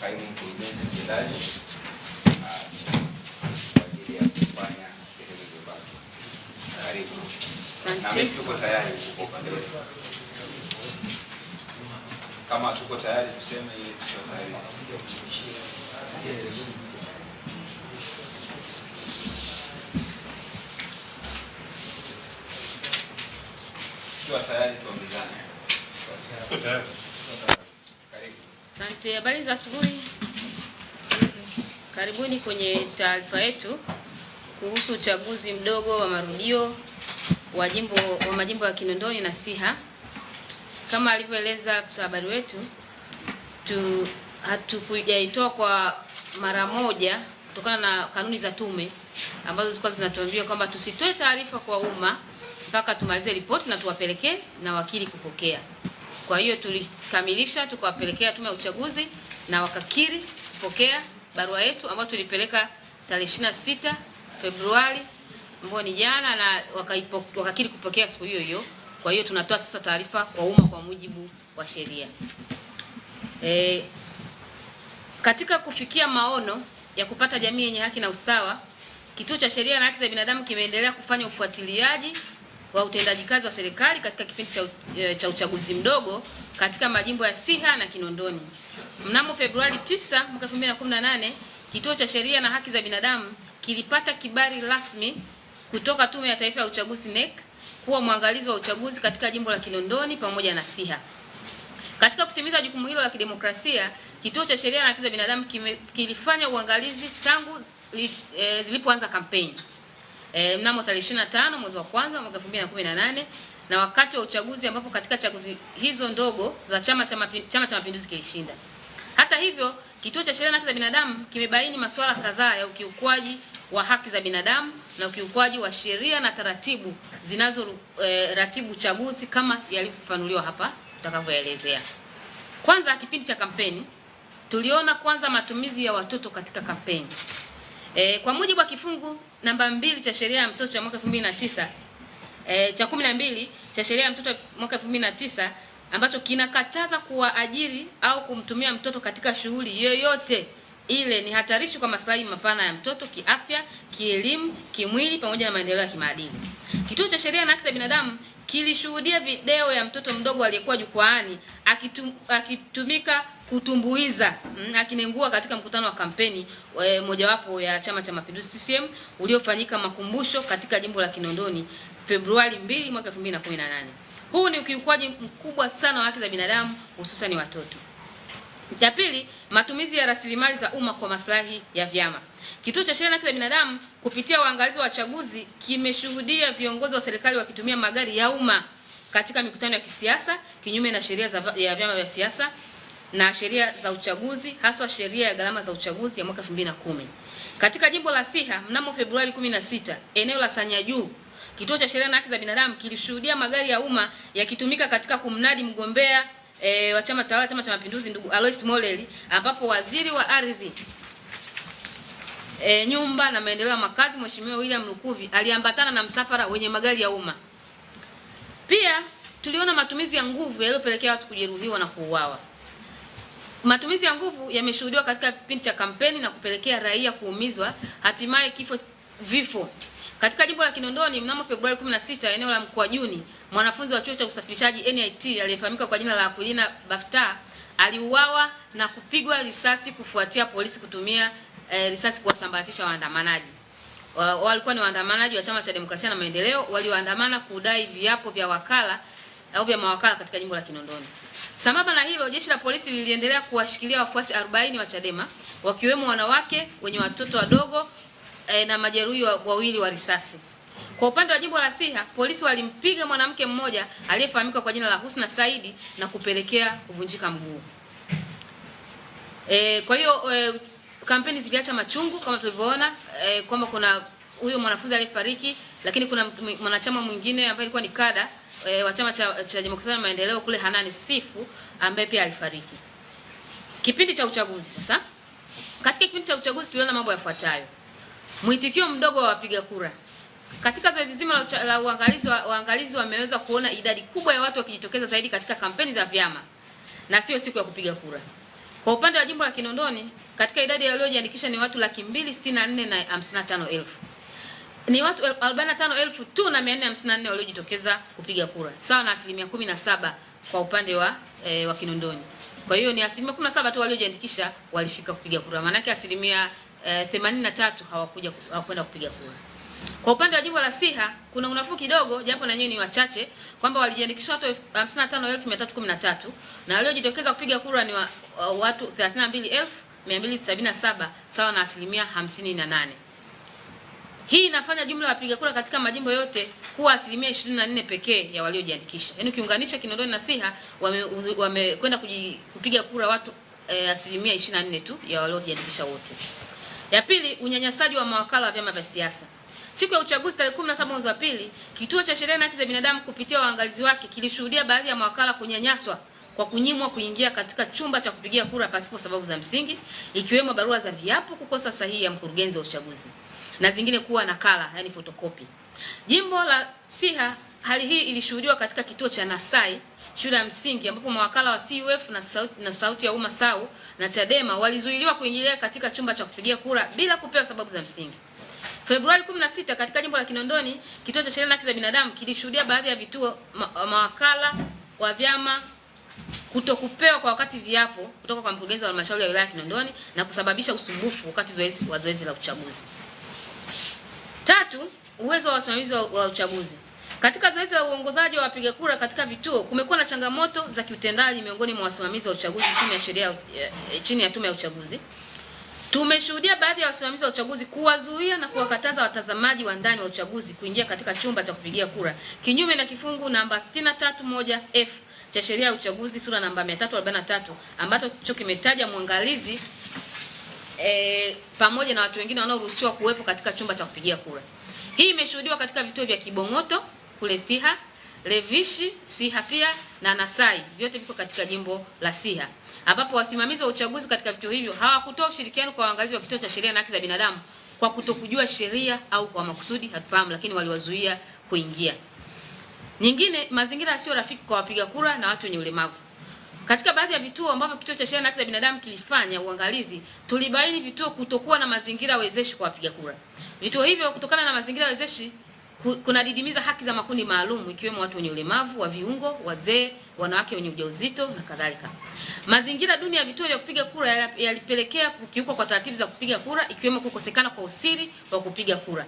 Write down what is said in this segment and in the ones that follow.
kaimu mkurugenzi mtendaji kwa ajili ya kufanya sehemu Karibu na mimi, tuko tayari kwa upande wetu. Kama tuko tayari tuseme, ili tuko tayari tayari tuambizane. Asante, habari za asubuhi. Karibuni kwenye taarifa yetu kuhusu uchaguzi mdogo wa marudio wa jimbo wa majimbo ya Kinondoni na Siha. Kama alivyoeleza afisa habari wetu tu, hatukujaitoa kwa mara moja kutokana na kanuni za tume ambazo zilikuwa zinatuambia kwamba tusitoe taarifa kwa umma mpaka tumalize ripoti na tuwapelekee na wakili kupokea. Kwa hiyo tulikamilisha, tukawapelekea tume ya uchaguzi na wakakiri kupokea barua yetu ambayo tulipeleka tarehe 26 Februari ambayo ni jana, na wakakiri kupokea siku hiyo hiyo. Kwa hiyo tunatoa sasa taarifa kwa umma kwa mujibu wa sheria. E, katika kufikia maono ya kupata jamii yenye haki na usawa, Kituo cha Sheria na Haki za Binadamu kimeendelea kufanya ufuatiliaji wa utendaji kazi wa serikali katika kipindi cha, e, cha uchaguzi mdogo katika majimbo ya Siha na Kinondoni. Mnamo Februari 9 mwaka 2018, Kituo cha Sheria na Haki za Binadamu kilipata kibali rasmi kutoka Tume ya Taifa ya Uchaguzi NEC kuwa mwangalizi wa uchaguzi katika jimbo la Kinondoni pamoja na Siha. Katika kutimiza jukumu hilo la kidemokrasia, Kituo cha Sheria na Haki za Binadamu kime, kilifanya uangalizi tangu e, zilipoanza kampeni e, mnamo tarehe 25 mwezi wa kwanza mwaka 2018 na wakati wa uchaguzi ambapo katika chaguzi hizo ndogo za Chama cha Chama cha Mapinduzi kilishinda. Hata hivyo, Kituo cha Sheria na Haki za Binadamu kimebaini masuala kadhaa ya ukiukwaji wa haki za binadamu na ukiukwaji wa sheria na taratibu zinazoratibu eh, e, chaguzi kama yalivyofanuliwa hapa tutakavyoelezea. Kwanza, kipindi cha kampeni tuliona kwanza matumizi ya watoto katika kampeni. E, kwa mujibu wa kifungu namba mbili cha sheria ya mtoto cha mwaka 2009 eh, cha mbili cha sheria ya mtoto mwaka 2009 ambacho kinakataza kuwaajiri au kumtumia mtoto katika shughuli yoyote ile ni hatarishi kwa maslahi mapana ya mtoto kiafya, kielimu, kimwili pamoja na maendeleo ya kimaadili. Kituo cha Sheria na Haki za Binadamu kilishuhudia video ya mtoto mdogo aliyekuwa jukwaani akitum, akitumika kutumbuiza mm, akinengua katika mkutano wa kampeni e, mojawapo ya Chama cha Mapinduzi CCM uliofanyika Makumbusho katika jimbo la Kinondoni Februari 2 mwaka 2018. Huu ni ukiukwaji mkubwa sana wa haki za binadamu hususan watoto. Ya pili, matumizi ya rasilimali za umma kwa maslahi ya vyama. Kituo cha Sheria na Haki za Binadamu kupitia waangalizi wa chaguzi kimeshuhudia viongozi wa serikali wakitumia magari ya umma katika mikutano ya kisiasa kinyume na sheria ya vyama vya siasa na sheria za uchaguzi hasa sheria ya gharama za uchaguzi ya mwaka 2010. Katika jimbo la Siha mnamo Februari 16, eneo la Sanya Juu, kituo cha sheria na haki za binadamu kilishuhudia magari ya umma yakitumika katika kumnadi mgombea e, wa chama tawala Chama cha Mapinduzi ndugu Alois Moleli, ambapo waziri wa ardhi e, nyumba na maendeleo ya makazi Mheshimiwa William Lukuvi aliambatana na msafara wenye magari ya umma. Pia tuliona matumizi ya nguvu yaliyopelekea watu kujeruhiwa na kuuawa. Matumizi ya nguvu yameshuhudiwa katika kipindi cha kampeni na kupelekea raia kuumizwa, hatimaye kifo vifo. Katika jimbo la Kinondoni mnamo Februari 16 eneo la Mkwajuni, mwanafunzi wa chuo cha usafirishaji NIT aliyefahamika kwa jina la Akwilina Bafta aliuawa na kupigwa risasi kufuatia polisi kutumia eh, risasi kuwasambaratisha waandamanaji. Walikuwa ni waandamanaji wa Chama cha Demokrasia na Maendeleo walioandamana kudai viapo vya wakala au vya mawakala katika jimbo la Kinondoni. Sambamba na hilo, jeshi la polisi liliendelea kuwashikilia wafuasi 40 wa Chadema wakiwemo wanawake wenye watoto wadogo e, na majeruhi wawili wa risasi. Kwa upande wa jimbo la Siha, polisi walimpiga mwanamke mmoja aliyefahamika kwa jina la Husna Saidi na kupelekea kuvunjika mguu. E, kwa hiyo e, kampeni ziliacha machungu kama tulivyoona e, kwamba kuna huyo mwanafunzi aliyefariki, lakini kuna mwanachama mwingine ambaye alikuwa ni kada e, wa chama cha, cha Demokrasia na Maendeleo kule Hanani Sifu ambaye pia alifariki kipindi cha uchaguzi. Sasa katika kipindi cha uchaguzi tuliona mambo yafuatayo: mwitikio mdogo wa wapiga kura katika zoezi zima la la uangalizi wa, waangalizi wameweza kuona idadi kubwa ya watu wakijitokeza zaidi katika kampeni za vyama na sio siku ya kupiga kura. Kwa upande wa jimbo la Kinondoni, katika idadi ya waliojiandikisha ni watu laki mbili sitini na nne na hamsini na tano elfu ni watu 45,454 waliojitokeza kupiga kura sawa na asilimia 17 kwa upande wa e, wa Kinondoni. Kwa hiyo ni asilimia 17 tu waliojiandikisha walifika kupiga kura, maanake asilimia e, eh, 83 hawakuja hawakwenda kupiga kura. Kwa upande wa jimbo la Siha kuna unafuu kidogo, japo na nyinyi ni wachache, kwamba walijiandikisha watu 55,313 na waliojitokeza kupiga kura ni wa, wa, watu 32,277 sawa na asilimia 58. Hii inafanya jumla ya wapiga kura katika majimbo yote kuwa asilimia 24 pekee ya waliojiandikisha. Yaani ukiunganisha Kinondoni na Siha wamekwenda wame kupiga kura watu e, asilimia 24 tu ya waliojiandikisha wote. Ya pili, unyanyasaji wa mawakala wa vyama vya siasa. Siku ya uchaguzi tarehe 17 mwezi wa pili, kituo cha sheria na haki za binadamu kupitia waangalizi wake kilishuhudia baadhi ya mawakala kunyanyaswa kwa kunyimwa kuingia katika chumba cha kupigia kura pasipo sababu za msingi, ikiwemo barua za viapo, kukosa sahihi ya mkurugenzi wa uchaguzi na zingine kuwa nakala, yani photocopy. Jimbo la Siha, hali hii ilishuhudiwa katika kituo cha Nasai shule ya msingi ambapo mawakala wa CUF na sauti, na sauti ya umma SAU na Chadema walizuiliwa kuingilia katika chumba cha kupigia kura bila kupewa sababu za msingi. Februari 16 katika jimbo la Kinondoni, kituo cha sheria na haki za binadamu kilishuhudia baadhi ya vituo ma, mawakala wa vyama kutokupewa kwa wakati viapo kutoka kwa mkurugenzi wa halmashauri ya wilaya Kinondoni na kusababisha usumbufu wakati zoezi wa zoezi la uchaguzi. Tatu, uwezo wa wasimamizi wa uchaguzi. Katika zoezi la uongozaji wa wapiga kura katika vituo kumekuwa na changamoto za kiutendaji miongoni mwa wasimamizi wa uchaguzi chini ya sheria chini ya Tume ya Uchaguzi. Tumeshuhudia baadhi ya wasimamizi wa uchaguzi kuwazuia na kuwakataza watazamaji wa ndani wa uchaguzi kuingia katika chumba cha kupigia kura kinyume na kifungu namba 631F cha sheria ya uchaguzi sura namba 343 ambacho kimetaja mwangalizi e, pamoja na watu wengine wanaoruhusiwa kuwepo katika chumba cha kupigia kura. Hii imeshuhudiwa katika vituo vya Kibong'oto kule Siha, Levishi Siha pia na Nasai, vyote viko katika jimbo la Siha ambapo wasimamizi wa uchaguzi katika vituo hivyo hawakutoa ushirikiano kwa waangalizi wa kituo cha sheria na haki za binadamu kwa kutokujua sheria au kwa makusudi, hatufahamu, lakini waliwazuia kuingia. Nyingine, mazingira yasiyo rafiki kwa wapiga kura na watu wenye ulemavu. Katika baadhi ya vituo ambavyo kituo cha sheria na haki za binadamu kilifanya uangalizi, tulibaini vituo kutokuwa na mazingira wezeshi kwa wapiga kura. Vituo hivyo kutokana na mazingira wezeshi kuna didimiza haki za makundi maalum ikiwemo watu wenye ulemavu wa viungo, wazee, wanawake wenye ujauzito na kadhalika. Mazingira duni ya vituo vya kupiga kura yalipelekea kukiuka kwa taratibu za kupiga kura ikiwemo kukosekana kwa usiri wa kupiga kura.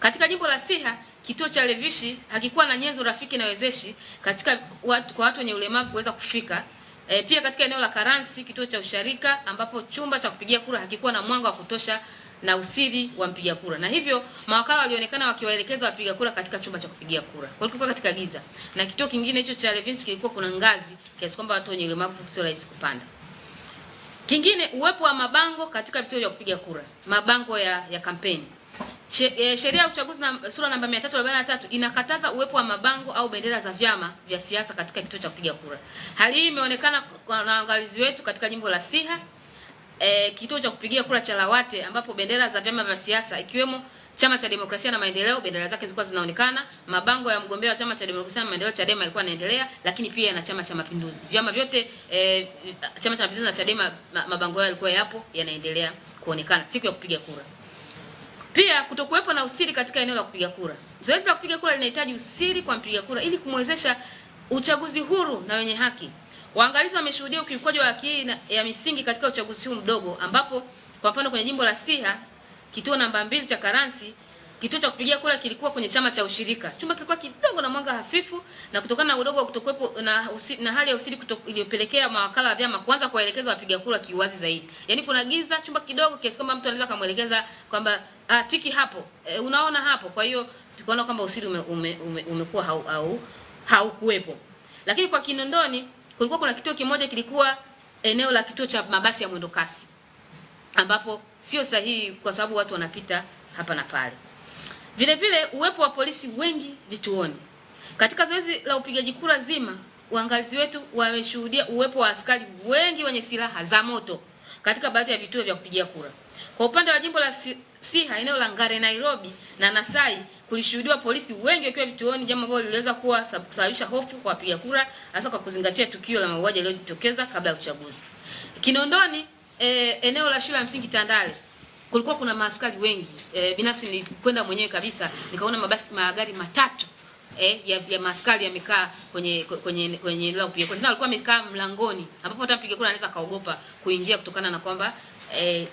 Katika jimbo la Siha, kituo cha Levishi hakikuwa na nyenzo rafiki na wezeshi katika watu, kwa watu wenye ulemavu kuweza kufika E, pia katika eneo la Karansi kituo cha usharika ambapo chumba cha kupigia kura hakikuwa na mwanga wa kutosha na usiri wa mpiga kura, na hivyo mawakala walionekana wakiwaelekeza wapiga kura katika chumba cha kupigia kura. Kwa katika giza, na kituo kingine hicho cha Levinsky kilikuwa kuna ngazi kiasi kwamba watu wenye ulemavu sio rahisi kupanda. Kingine, uwepo wa mabango katika vituo vya kupiga kura, mabango ya, ya kampeni Eh, sheria ya uchaguzi na sura namba 343 inakataza uwepo wa mabango au bendera za vyama vya siasa katika kituo cha kupiga kura. Hali hii imeonekana kwa waangalizi wetu katika jimbo la Siha, e, kituo cha kupigia kura cha Lawate ambapo bendera za vyama vya siasa ikiwemo Chama cha Demokrasia na Maendeleo, bendera zake zilikuwa zinaonekana. Mabango ya mgombea wa Chama cha Demokrasia na Maendeleo Chadema yalikuwa yanaendelea, lakini pia na Chama cha Mapinduzi. Vyama vyote e, Chama cha Mapinduzi na Chadema mabango yao yalikuwa yapo yanaendelea kuonekana siku ya kupiga kura. Pia kutokuwepo na usiri katika eneo la kupiga kura. Zoezi la kupiga kura linahitaji usiri kwa mpiga kura ili kumwezesha uchaguzi huru na wenye haki. Waangalizi wameshuhudia ukiukwaji wa haki ya misingi katika uchaguzi huu mdogo ambapo kwa mfano kwenye jimbo la Siha kituo namba mbili cha Karansi Kituo cha kupigia kura kilikuwa kwenye chama cha ushirika. Chumba kilikuwa kidogo na mwanga hafifu, na kutokana na udogo wa kutokuwepo na, na hali ya usiri iliyopelekea mawakala wa vyama kuanza kuwaelekeza wapiga kura kiuwazi zaidi. Yaani kuna giza, chumba kidogo kiasi kwamba mtu anaweza kumuelekeza kwamba ah, tiki hapo, e, unaona hapo. Kwa hiyo tukaona kwamba usiri ume, ume, ume, umekuwa hau, hau, haukuwepo. Lakini kwa Kinondoni kulikuwa kuna kituo kimoja kilikuwa eneo la kituo cha mabasi ya mwendokasi ambapo sio sahihi kwa sababu watu wanapita hapa na pale. Vile vile uwepo wa polisi wengi vituoni. Katika zoezi la upigaji kura zima, uangalizi wetu wameshuhudia uwepo wa askari wengi wenye silaha za moto katika baadhi ya vituo vya kupigia kura. Kwa upande wa jimbo la Siha, eneo la Ngare, Nairobi na Nasai, kulishuhudiwa polisi wengi wakiwa vituoni, jambo ambalo liliweza kuwa kusababisha hofu kwa wapiga kura, hasa kwa kuzingatia tukio la mauaji yaliyojitokeza kabla ya uchaguzi. Kinondoni, e, eneo la shule ya msingi Tandale kulikuwa kuna maaskari wengi e, binafsi nilikwenda mwenyewe kabisa nikaona mabasi magari matatu e, ya, ya maaskari yamekaa kwenye kwenye kwenye eneo la kupiga kura. alikuwa amekaa mlangoni ambapo hata mpiga kura anaweza kaogopa kuingia kutokana na kwamba e,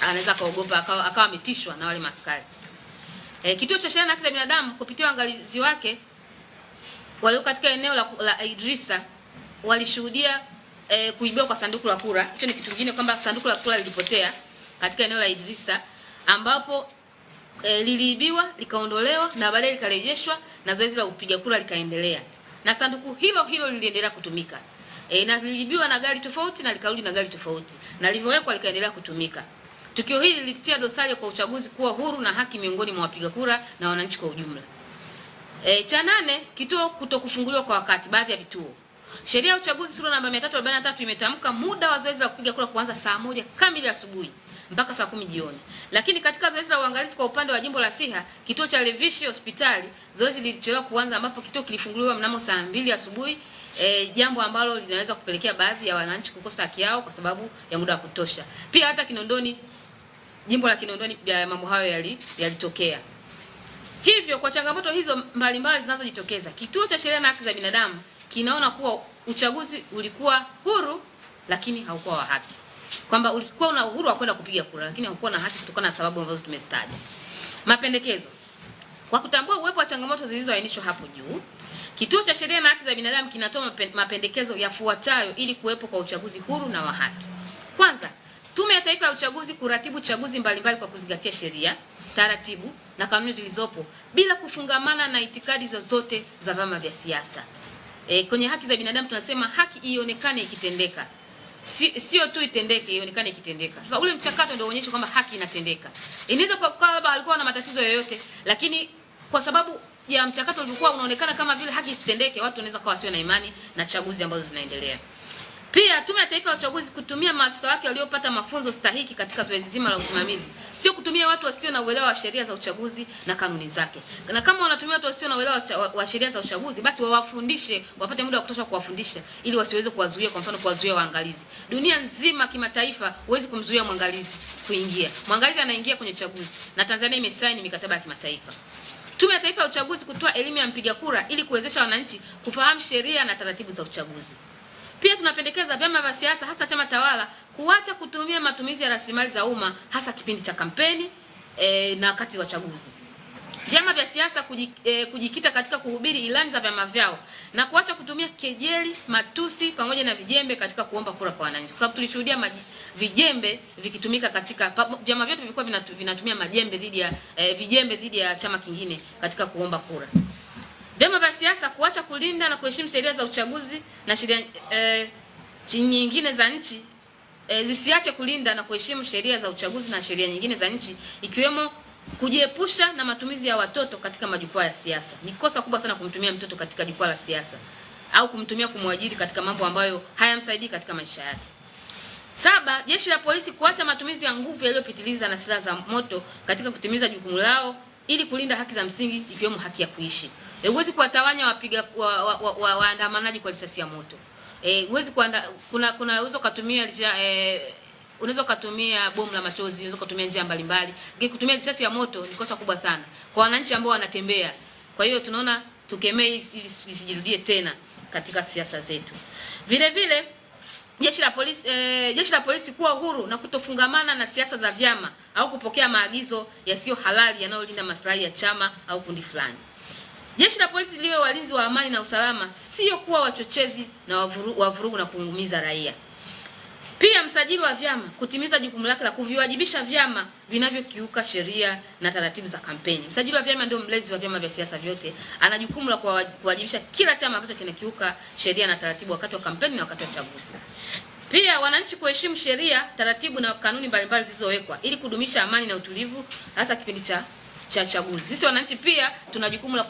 anaweza kaogopa akawa, akawa ametishwa na wale maaskari. e, kituo cha sheria na haki za binadamu kupitia uangalizi wake walio katika eneo la, la Idrisa walishuhudia e, kuibiwa kwa sanduku la kura. Hicho ni kitu kingine kwamba sanduku la kura lilipotea katika eneo la Idrisa ambapo e, liliibiwa likaondolewa na baadaye likarejeshwa na zoezi la kupiga kura likaendelea, na sanduku hilo hilo liliendelea kutumika e, na liliibiwa na gari tofauti na likarudi na gari tofauti na lilivyowekwa likaendelea kutumika. Tukio hili lilitia dosari kwa uchaguzi kuwa huru na haki miongoni mwa wapiga kura na wananchi kwa ujumla. E, cha nane, kituo kutokufunguliwa kwa wakati baadhi ya vituo. Sheria ya uchaguzi sura namba 343 imetamka muda wa zoezi la kupiga kura kuanza saa moja kamili asubuhi mpaka saa kumi jioni. Lakini katika zoezi la uangalizi kwa upande wa jimbo la Siha, kituo cha Levishi hospitali zoezi lilichelewa kuanza, ambapo kituo kilifunguliwa mnamo saa mbili asubuhi e, jambo ambalo linaweza kupelekea baadhi ya wananchi kukosa haki yao kwa sababu ya muda wa kutosha. Pia hata Kinondoni, jimbo la Kinondoni ya mambo hayo yalitokea yali hivyo. Kwa changamoto hizo mbalimbali zinazojitokeza, kituo cha sheria na haki za binadamu kinaona kuwa uchaguzi ulikuwa huru lakini haukuwa wa haki kwamba ulikuwa una uhuru wa kwenda kupiga kura, lakini hukuwa na haki kutokana na sababu ambazo tumezitaja. Mapendekezo: kwa kutambua uwepo wa changamoto zilizoainishwa hapo juu, Kituo cha Sheria na Haki za Binadamu kinatoa mapendekezo yafuatayo ili kuwepo kwa uchaguzi huru na wa haki. Kwanza, Tume ya Taifa ya Uchaguzi kuratibu chaguzi mbalimbali kwa kuzingatia sheria, taratibu na kanuni zilizopo bila kufungamana na itikadi zozote za vyama vya siasa. E, kwenye haki za binadamu tunasema haki ionekane ikitendeka si, sio tu itendeke, ionekane ikitendeka. Sasa ule mchakato ndio uonyeshe kwamba haki inatendeka. Inaweza kwa kwamba alikuwa na matatizo yoyote, lakini kwa sababu ya mchakato ulikuwa unaonekana kama vile haki isitendeke, watu wanaweza kuwa wasiwe na imani na chaguzi ambazo zinaendelea. Pia Tume ya Taifa ya Uchaguzi kutumia maafisa wake waliopata mafunzo stahiki katika zoezi zima la usimamizi, sio kutumia watu wasio na uelewa wa sheria za uchaguzi na kanuni zake. Na kama wanatumia watu wasio na uelewa wa sheria za uchaguzi, basi wawafundishe, wapate muda wa kutosha kuwafundisha, ili wasiweze kuwazuia. Kwa mfano, kuwazuia waangalizi. Dunia nzima, kimataifa, huwezi kumzuia mwangalizi kuingia. Mwangalizi anaingia kwenye uchaguzi, na Tanzania imesaini mikataba ya kimataifa. Tume ya Taifa ya Uchaguzi kutoa elimu ya mpiga kura ili kuwezesha wananchi kufahamu sheria na taratibu za uchaguzi. Pia tunapendekeza vyama vya siasa hasa chama tawala kuacha kutumia matumizi ya rasilimali za umma hasa kipindi cha kampeni e, na wakati wa chaguzi. Vyama vya siasa e, kujikita katika kuhubiri ilani za vyama vyao na kuacha kutumia kejeli, matusi pamoja na vijembe katika kuomba kura kwa wananchi, kwa sababu tulishuhudia vijembe vikitumika katika vyama vyote vilikuwa vinatumia majembe dhidi ya e, vijembe dhidi ya chama kingine katika kuomba kura. Vyama vya siasa kuacha kulinda na kuheshimu sheria za uchaguzi na sheria eh, nyingine za nchi eh, zisiache kulinda na kuheshimu sheria za uchaguzi na sheria nyingine za nchi ikiwemo kujiepusha na matumizi ya watoto katika majukwaa ya siasa. Ni kosa kubwa sana kumtumia mtoto katika jukwaa la siasa au kumtumia kumwajiri katika mambo ambayo hayamsaidii katika maisha yake. Saba, jeshi la polisi kuacha matumizi ya nguvu yaliyopitiliza na silaha za moto katika kutimiza jukumu lao ili kulinda haki za msingi ikiwemo haki ya kuishi. Huwezi kuwatawanya wapiga waandamanaji wa, wa, wa kwa risasi ya moto. Eh, huwezi kuanda, kuna kuna unaweza kutumia eh, unaweza kutumia bomu la machozi, unaweza kutumia njia mbalimbali. Lakini kutumia risasi ya moto ni kosa kubwa sana kwa wananchi ambao wanatembea. Kwa hiyo tunaona tukemee ili isijirudie tena katika siasa zetu. Vile vile jeshi la polisi e, jeshi la polisi kuwa huru na kutofungamana na siasa za vyama au kupokea maagizo yasiyo halali yanayolinda maslahi ya chama au kundi fulani. Jeshi la polisi liwe walinzi wa amani na usalama, sio kuwa wachochezi na wavurugu, wavuru na kuumiza raia. Pia msajili wa vyama kutimiza jukumu lake la kuviwajibisha vyama vinavyokiuka sheria na taratibu za kampeni. Msajili wa vyama ndio mlezi wa vyama vya siasa vyote, ana jukumu la kuwajibisha kila chama ambacho kinakiuka sheria na taratibu wakati wa kampeni na wakati wa chaguzi. Pia wananchi kuheshimu sheria, taratibu na kanuni mbalimbali zilizowekwa ili kudumisha amani na utulivu, hasa kipindi cha cha chaguzi. Sisi wananchi pia tuna jukumu la,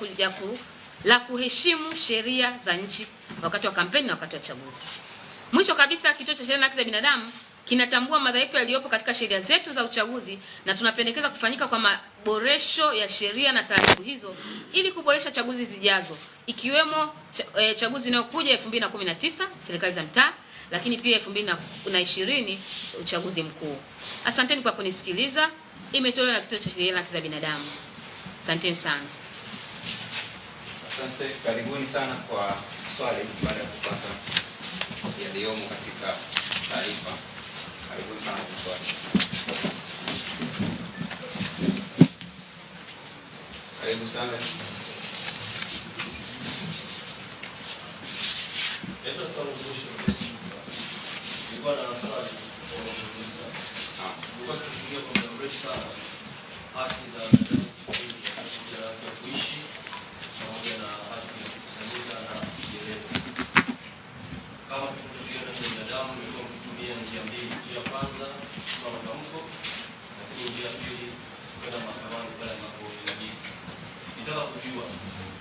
la kuheshimu sheria za nchi wakati wa kampeni na wakati wa chaguzi. Mwisho kabisa, kituo cha sheria na haki za binadamu kinatambua madhaifu yaliyopo katika sheria zetu za uchaguzi na tunapendekeza kufanyika kwa maboresho ya sheria na taratibu hizo ili kuboresha chaguzi zijazo ikiwemo e, chaguzi inayokuja 2019 serikali za mtaa, lakini pia 2020 uchaguzi mkuu. Asanteni kwa kunisikiliza imetolewa na kituo cha sheria haki za binadamu. Asanteni sana. Asante, karibuni sana kwa swali baada ya kupata yaliyomo katika taarifa. Karibuni sana kwa swali. Karibu sana. Nilikuwa na swali. Ah sana haki za ya kuishi pamoja na haki ya kukusanyika na kujieleza. Kama tunavyoona binadamu, nilikuwa mkitumia njia mbili. Njia ya kwanza kwa matamko, lakini njia ya pili kwenda mahakamani pale ambapo inabidi. Nitaka kujua